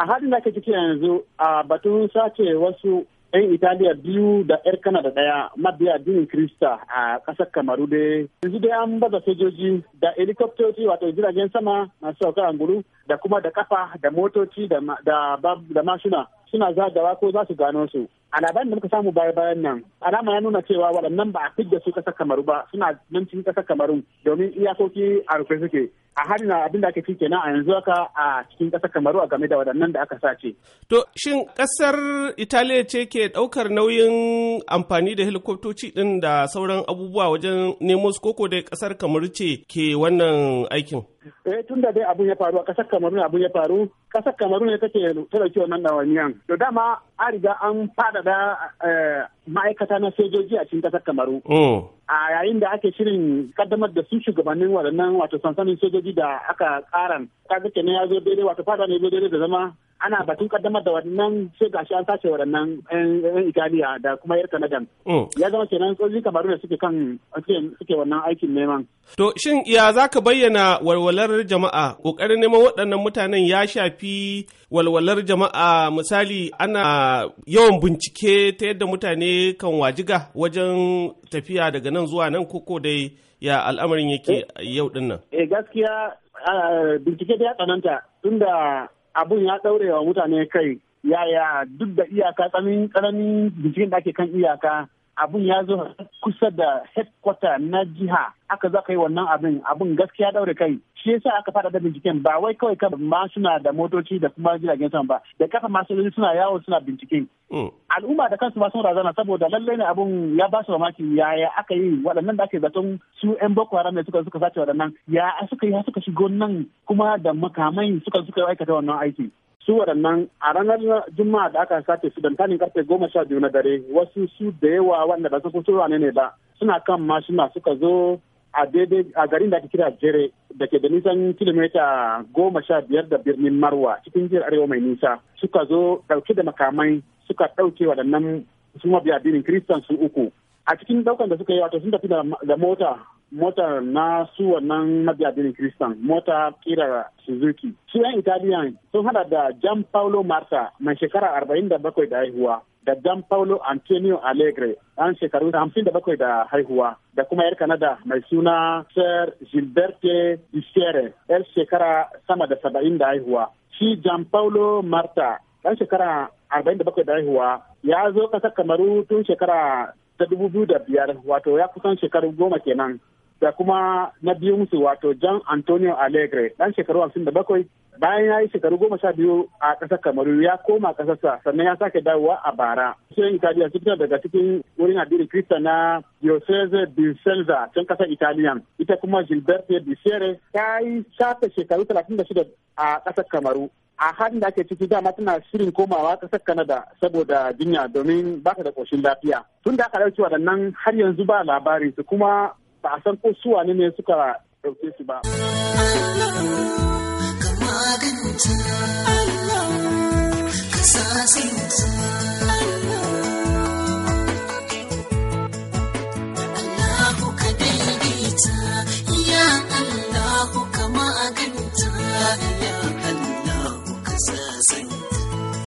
a halin da ake ciki yanzu a batun sace wasu 'yan italiya biyu da 'yar kanada daya mabiya addinin krista a ƙasar kamaru dai yanzu dai an baza sojoji da helikoptoci wato jiragen sama masu sauka angulu da kuma da kafa da motoci da mashina suna zagawa ko za su gano su a labarin da muka samu baya bayan nan alama ya nuna cewa waɗannan ba a fidda su kasar kamaru ba suna nan cikin kasar kamarun domin iyakoki a rufe suke a harin abin da ake ci kenan a yanzu haka a cikin ƙasar kamaru a game da waɗannan da aka sace. To shin ƙasar Italiya ce ke ɗaukar nauyin amfani da helikoptoci ɗin da sauran abubuwa wajen nemo su koko dai ƙasar kamaru ce ke wannan aikin? Eh tun da dai abun ya faru a ƙasar kamaru abun ya faru ƙasar kamaru ne take ta ɗauki wannan ɗawainiyan. To dama an riga an faɗaɗa eh, ma'aikata na sojoji a cikin kasar kamaru oh. a yayin da ake shirin kaddamar da su shugabannin waɗannan wato sansanin sojoji da aka karan kaga kenan ya zo daidai wato fada ne zo daidai da zama ana batun kaddamar da wannan sai shi an sace waɗannan yan Italiya da kuma yar Canada. Oh. Ya zama kenan sojoji kamaru da suke kan suke wannan aikin neman. To shin ya za ka bayyana walwalar jama'a kokarin neman waɗannan mutanen ya shafi walwalar jama'a misali ana yawan bincike ta yadda mutane kan wajiga wajen tafiya daga nan zuwa nan koko dai ya al'amarin yake eh. yau dinnan. Eh gaskiya bincike ta ya tsananta tunda abun ya ɗaure wa mutane kai yaya duk da iyaka tsananin binciken da ake kan iyaka abun ya zo kusa da headquarter na jiha aka za ka yi wannan abin abin gaskiya daure kai shi yasa aka fada da binciken ba wai kawai kan ma suna da motoci da kuma jiragen sama ba da kafa masu suna yawo suna binciken. Mm. al'umma da kansu ma sun razana saboda lallai ne abun ya ba su mamaki yaya aka yi waɗannan da ake zaton su yan boko haram ne suka suka sace waɗannan ya suka yi suka shigo nan kuma da makamai suka suka aikata wannan aiki su waɗannan a ranar juma'a da aka sace su don tanin karfe goma sha biyu na dare wasu su da yawa wanda ba su su ne ba suna kan mashina suka zo a daidai a garin da ake kira jere da ke da nisan kilomita goma sha biyar da birnin marwa cikin jihar arewa mai nisa suka zo ɗauke da makamai suka ɗauke waɗannan su mabiya addinin kiristan su uku a cikin ɗaukan da suka yi wato sun tafi da mota motar na su wannan mabiyadin kristan mota kira suzuki su yan italian sun hada da jan paulo marta mai shekara 47 da bakwai da haihuwa da jan paulo antonio alegre. an shekaru hamsin da da haihuwa da kuma yar kanada mai suna sir gilberte isere yar shekara sama da 70 da haihuwa shi jan paulo marta dan shekara 47 da bakwai da haihuwa ya zo kasar kamaru tun shekara ta dubu biyu da biyar wato ya kusan shekaru goma kenan da kuma na biyu musu wato John Antonio Allegre dan shekaru hamsin da bakwai bayan ya yi shekaru goma sha biyu a ƙasar Kamaru ya koma ƙasarsa sannan ya sake dawowa a bara. Shirin Italiya su fitar daga cikin wurin addinin Kirista na Diocese di can ƙasar Italiya ita kuma gilberto di Sere ta yi shafe shekaru talatin da shida a ƙasar Kamaru. a halin da ake ciki dama tana shirin komawa ƙasar Canada saboda jinya domin ba ta da ƙoshin lafiya. Tun da aka ɗauki nan har yanzu ba labari su kuma ba a san ko su wane ne suka ɗauke su ba. Allah, ka